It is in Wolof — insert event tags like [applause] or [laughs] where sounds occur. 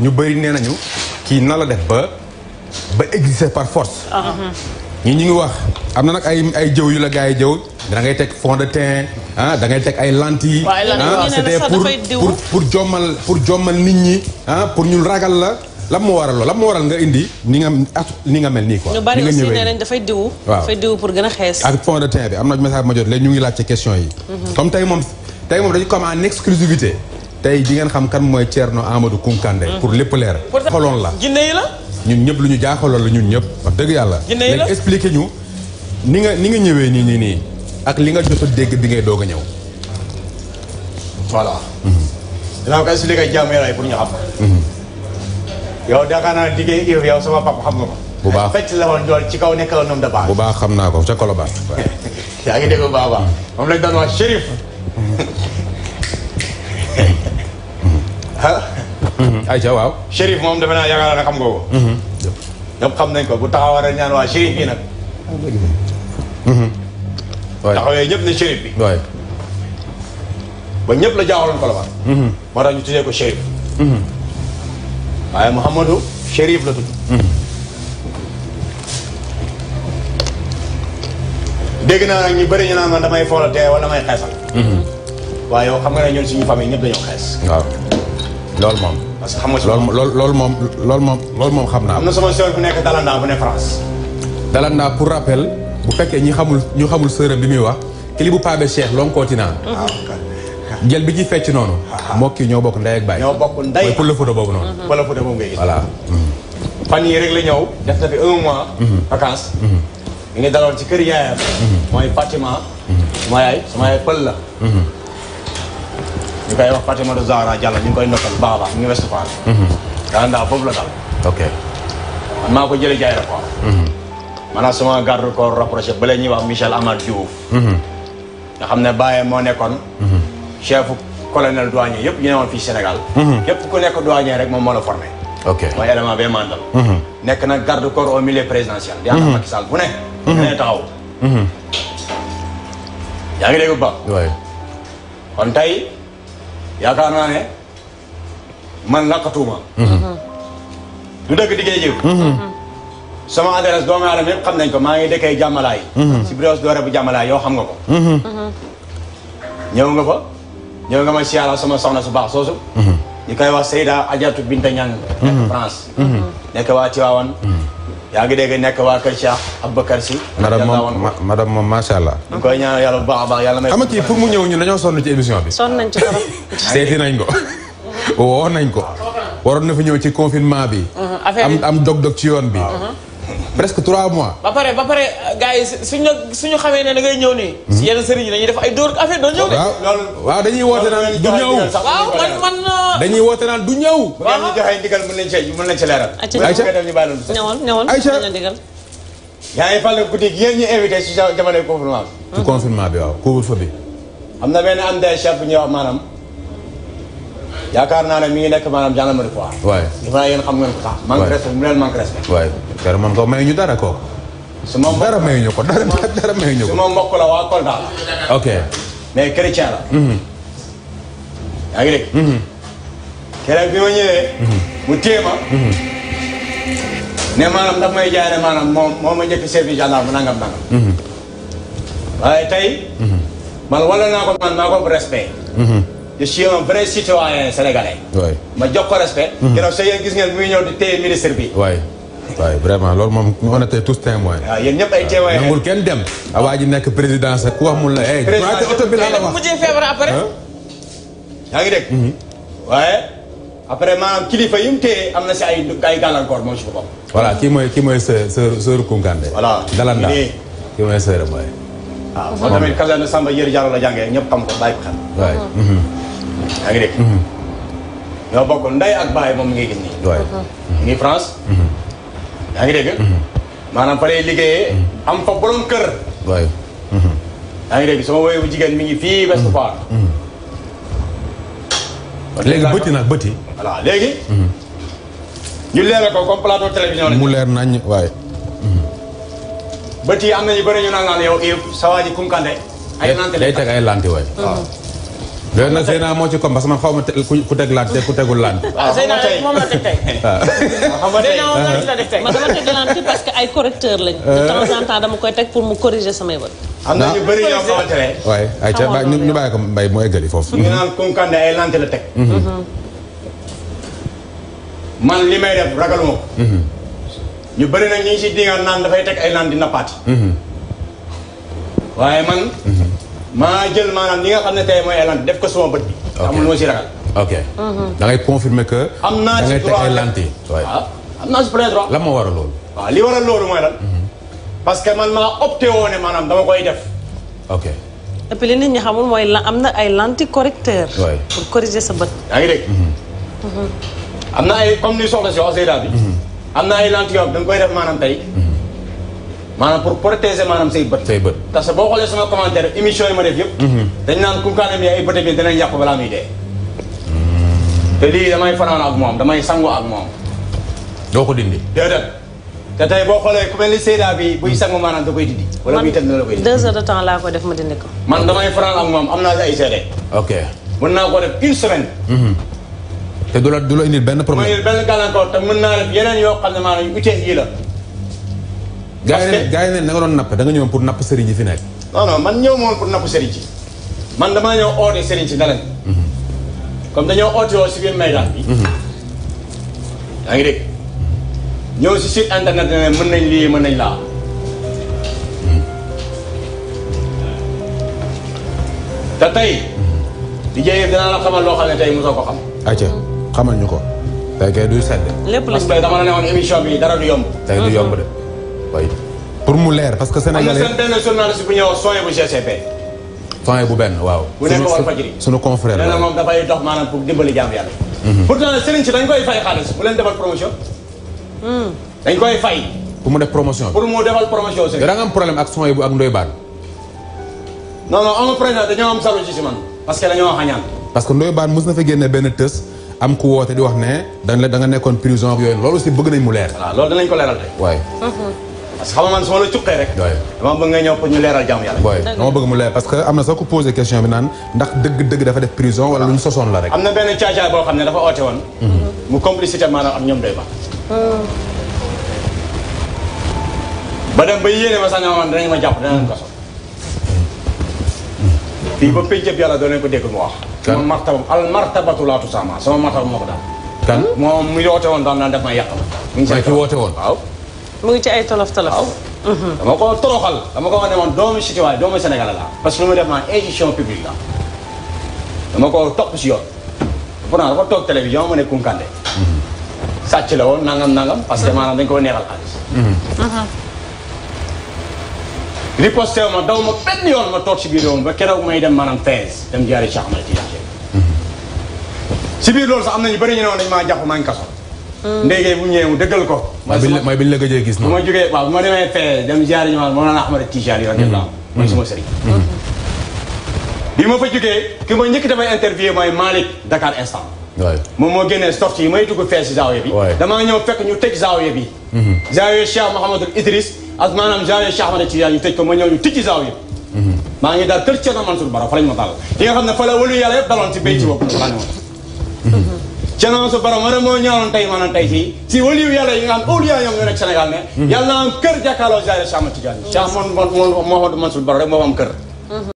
ñu bëri nee nañu kii na la def ba ba exister par force. Uh-huh. ñi ñu ngi wax am na nag ay ay jëw yu la gars yi jëw da ngay teg fond de teint ah da ngay teg ay lentilles. ah c'était pour pour pour jommal pour jommal nit ñi ah pour ñu ragal la. lan moo waral loolu lan waral nga indi ni nga ni nga mel nii ko ñu bari aussi nee nañ dafay diw. waaw dafay diw pour gën a xees. ak fond de teint bi am na message ma jot léegi ñu ngi laaj ci question yi. Mm-hmm. comme tey moom tey moom dañu comme en exclusivité tey di ngeen xam kan mooy Thierno Amadou Kounkandé mm. pour lépp leer xoloon la jinne yi la ñun ñëpp lu ñu jaaxaloon la ñun ñëpp wax dëgg yàlla léegi expliqué ñu ni nga ni nga ñëwee nii nii nii ak li nga jot a dégg bi ngay doog a ñëw voilà mm-hmm. dinaa ko expliqué jaamu yàlla yi pour ñu xam mm-hmm. yow daakaar naa liggéey Yves yow sama papa xam nga ko bu baax fecc la woon jool ci kaw nekk la noom da baax bu baax xam naa ko ca Colobane [laughs] yaa ngi dégg bu baax baax mm-hmm. moom lañ doon wax Chérif ah. Mm-hmm. ayca waaw. Chérif moom defe naa yaakaar na xam nga ko. Mm-hmm. xam nañ ko bu taxawal rek ñaan waa Chérif bi nag. Mm-hmm. taxawee ñëpp ne Chérif bi. ba ñëpp la jaaxaloon ko la ba. moo tax ñu tuddee ko Chérif. waaye Mouhamadou Chérif la tudd. dégg naa ñu bëri ñu naan man damay foolatee wala damay xeesal. waaye yow xam nga ne ñun suñu famille ñëpp dañoo xees. loolu moom. parce que xam nga si moom loolu loolu moom loolu moom loolu xam naa. am na sama sœur bu nekk Dalanda bu nekk France. Dalanda pour rappel bu fekkee ñi xamul ñu xamul sërëm bi muy wax kili bu Pape Cheikh Lonkotina. Ah, jël bi ci fecc noonu. Ah, ah. moo kii ñoo bokk ndey ak baay. ñoo bokk ndey mooy pour la photo boobu noonu. pour la photo boobu ngay rek la ñëw def na fi un mois. Mhm. vacances. ñu mhm. ci kër yaayam. Mhm. mooy Fatima. mooy yaay pël la. ñu koy wax Fatima de Zahra Diallo ñu ngi koy nokkal baax a baax ñu ngi Westfalen. Mhm. daanaka foofu la dal. ok maa ko jëlee jaay la quoi. maanaam sama garde corps rapproché ba ñuy wax Michel Amar Diouf. Mhm. nga xam ne Baye moo nekkoon. Mhm. chef colonel douanier yëpp ñu ne woon fii Sénégal. képp ku nekk douanier rek moom moo la formé. ok mooy élément bee mandal. nekk na garde corps au milieu présidentiel. di ànd ak Macky Sall bu ne. bu ne taxaw. yaa ngi dégg yaakaar naa ne man laqatuuma. du dëkk diggee jiw. sama adresse doomu aadama yëpp xam nañ ko maa ngi dëkkee jàmmalaay. si biir doore bu jàmmalaay yoo xam nga ko. ñëw nga ko ñëw nga ma siyaara sama soxna su baax soosu. ñu koy wax Seyda Adjaratou Binta Niang. nekk France. nekk waa Tivaouane. yaa ngi dégg nekk waa kër Cheikh Aboubacar moom macha allah. ñu koy ñaanal yàlla bu baax a baax yàlla may. xam nga kii pour mu ñëw ñun dañoo sonn ci émission bi. sonn nañ ci [laughs] ko [laughs] woo nañ ko. waroon na fi ñëw ci confinement bi. Mm-hmm. am am dog-dog ci yoon bi. Mm-hmm. presque trois mois. ba pare ba pare gars yi suñu suñu xamee ne da ngay ñëw nii. si hmm? yenn sëriñ yi dañuy def ay dóor affaire doo ñëw de. loolu waaw dañuy woote naan du ñëw. waaw man man. Euh, dañuy woote naan du ñëw. bu ngeen ñu joxee ndigal mën nañu cee mën ci leeral. ayca ñëwal ñëwal ñu invité si jamonoy confinement bi. ci confinement bi waaw na benn am bu ñuy wax maanaam yaakaar naa ne mi ngi nekk maanaam gendarmerie Foire. waay defe naa yéen xam ngeen ko sax. waay manque respect mu leen manque respect. waay dara moom ko may ñu dara ko. su ma dara may ñu ko dara dara may ñu ko. su ma mbokk la waa Kolda la. ok mais chrétien la. Mhm. yaa ngi dégg. Mhm. keroog bi ma ñëwee. Mhm. mu téye ma. ne maanaam daf may jaay ne maanaam moom moo ma njëkk chef bi gendarme nangam nangam. waaye tey. man wala naa ko man maa ko respect. je suis un vrai citoyen ma jox ko respect. Mm-hmm. keroog sa yéen gis ngeen muy ñëw di téye ministre bi. waay waay vraiment loolu moom on était tous témoins. waaw yéen ñëpp ay témoins nangul kenn dem. waa ji nekk président sa ku wax mun la. président waaye après mm-hmm. kilifa yi mu am na si ay ay gàllankoor moom si boppam. voilà kii mooy kii mooy sœur sœur Koukandé. voilà kii mooy sœur mooy. moo tamit Kasane Samba Yër Diallo la jàngee ñëpp xam ko bàyyi ko xel. Mm-hmm. yaa ngi dégg. Mhm. ñoo bokk nday ak baay moom mi ngi gis nii. waaw mi ngi France. Mhm. yaa ngi dégg. Mhm. maanaam fa lay liggéeyee. am fa borom kër. waaw. yaa ngi dégg sama woy bu jigéen mi ngi fii West léegi bëti nag bëti. voilà léegi. ñu leeral ko comme plateau télévision la. mu leer nañ waaye. bëti am nañu bëri ñu naan yow Yves Sawaji Kunkande. ay lante lay loolu nag moo ci kom parce que man xaw ma ku teg laan te ku tegul laan. waaw ah, Zeyna rek moom ah. [laughs] man dama teg laan tey parce que ay correcteur lañ. Euh. de temps dama koy teg pour mu corriger samay bët. am na ñu ah. bëri yoo xamante ñu bàyyi mbay mu eggali foofu. ñu naan Kunkandé ay lant la teg. Mhm. Mhm. man li may def ragaluma ko. Mhm. ñu bari nag ñu ngi si dinga naan dafay teg ay lant di nappaati. waaye man. maa jël maanaam li nga xam ne tay mooy ay def ko sama bët bi. amul moo si ragal. Mhm. que. am naa ci droit da ngay ah, am naa ci plein droit. lan moo waral loolu. waaw li waral loolu mooy lan. Mhm. parce que man maa opté woo ne maanaam dama koy def. ok. ni puis li nit mooy la am na ay lentille correcteur. pour corriger sa bët. Mhm. am na ay comme ni soxla am na ay yoo da nga koy def maanaam tey. maana pour protéger maanaam say bët. say que boo xoolee sama commentaire émission yi ma def yëpp. Mhm. dañ naan Koungheul ay bët bi danañ yàqu balaa muy dee. te lii damay fanaan ak moom damay sangu ak moom. doo ko dindi. déedéet te tey boo xoolee ku mel ni Seyda bi buy mhm. sangu maanaam da koy dindi. wala buy tëdd na la koy dindi deux heures de temps laa ko def ma dindi ko. man damay fanaan ak moom am naa si ay seede. ok mën naa ko def une semaine. Mhm. te du la du la indil benn problème. mu indil la. parce que yi ne na nga doon napp da nga ñëwoon pour napp sëriñ yi fi nekk. non man ñëw moom pour napp sëriñ yi man damaa ñëw oote sëriñ si dalen comme dañoo oote woo si biir maygaan bi. Mhm. mën nañ lii mën nañ laa. te tey. Mhm. di jëyee dinaa la xamal loo xam ne tey mosoo ko xam. acca xamal ñu ko. tey kay duy sedd. lépp la parce que dama la ne woon émission bi dara du yomb. tey du yomb de. oui pour mu leer parce que sénégalais am na seen benn journaliste bu ñuy wax Soye bu GCP. Soye bu benn waaw. bu nekk war fajiri sunu confrère la moom dafay dox maanaam pour dimbali jaamu yàlla. Mhm. pourtant sëriñ si hmm. mu def promotion pour mu defal nga am problème ak Soye bu ak Ndoye Bane. non non amul problème am salu ci si man parce que dañoo xañaan. parce que Ndoye Bane mos na fa génne benn tës. am ku woote di wax ne dañ la da nga nekkoon prison yooyu loolu aussi bëgg nañ mu leer. waaw loolu danañ ko leeral tey. waay. Mhm. parce que xam nga man su la cuqee rek. dama bëgg nga ñëw pour ñu leeral jàmm yàlla. dama bëgg mu leer parce que am na sax ku posé question bi naan ndax dëgg-dëgg dafa def prison wala lu ñu sosoon la rek. am na benn caacaay boo xam ne dafa oote woon. Mhm. mu complicité maanaam am ñoom doy ba. Oh. ba dem ba yéene ma sax ne ma danañ jàpp danañ ko soxla. Mhm. fii ba péncëb yàlla doo ko dégg mu wax. kan sama martabam al martabatu laatu moo mu yoote woon daan naan def ma yàq ngi si woote woon mu ngi ci ay tolof tolof. waaw. Mhm. dama ko toroxal dama ko wax ne man doomu citoyen doomu Sénégal la parce que lu muy def man institution publique la dama ko topp si yoon. a dafa toog télévision mu ne Kounkandé. Mhm. sàcc la woon nangam nangam. parce que mhm. maanaam dañ ko neexal xaalis. riposté wu ma daw ma yoon ma toog si biir yoon ba keroog may dem maanaam Fès dem jaaree Cheikh Ahmed Tidiane. sax am na ñu bëri ñu maa jàpp maa ngi Mm. ndéygay bu ñëwee mu dëggal ko. mooy bi mooy bi ñu la gëjee gis. bu ma jógee waaw bu ma demee fee dem ziar ñu maanaam Mawlana Ahmad Tijani radiyallahu mm-hmm. mooy suma sëriñ. Mm-hmm. Mm-hmm. bi ma fa jógee ki ma njëkk damay interview mooy Malick Dakar instant. waay moom moo génnee stof yi may dugg fee si zaawiya bi. damaa ñëw fekk ñu tëj zaawiya bi. zaawiya Cheikh Mouhamadul Idris ak maanaam zaawiya Cheikh Ahmad Tijani ñu tëj ko ma ñëw ñu tijji zaawiya maa ngi daal kër Thierno Mansour Baro fa lañ ma dal. yi nga xam ne fa la wëlu yàlla yëpp daloon ci béy canaan su borom war a moo ñaanoon tey maanaam tey fii si waliyu yàlla yi nga xam awliya ñoom ñoo nekk Sénégal ne yàlla na am kër jàkkaarloo jaare Cheikh Ahmad Tidiane Cheikh moom moo moo Mansour Borom rek moo am kër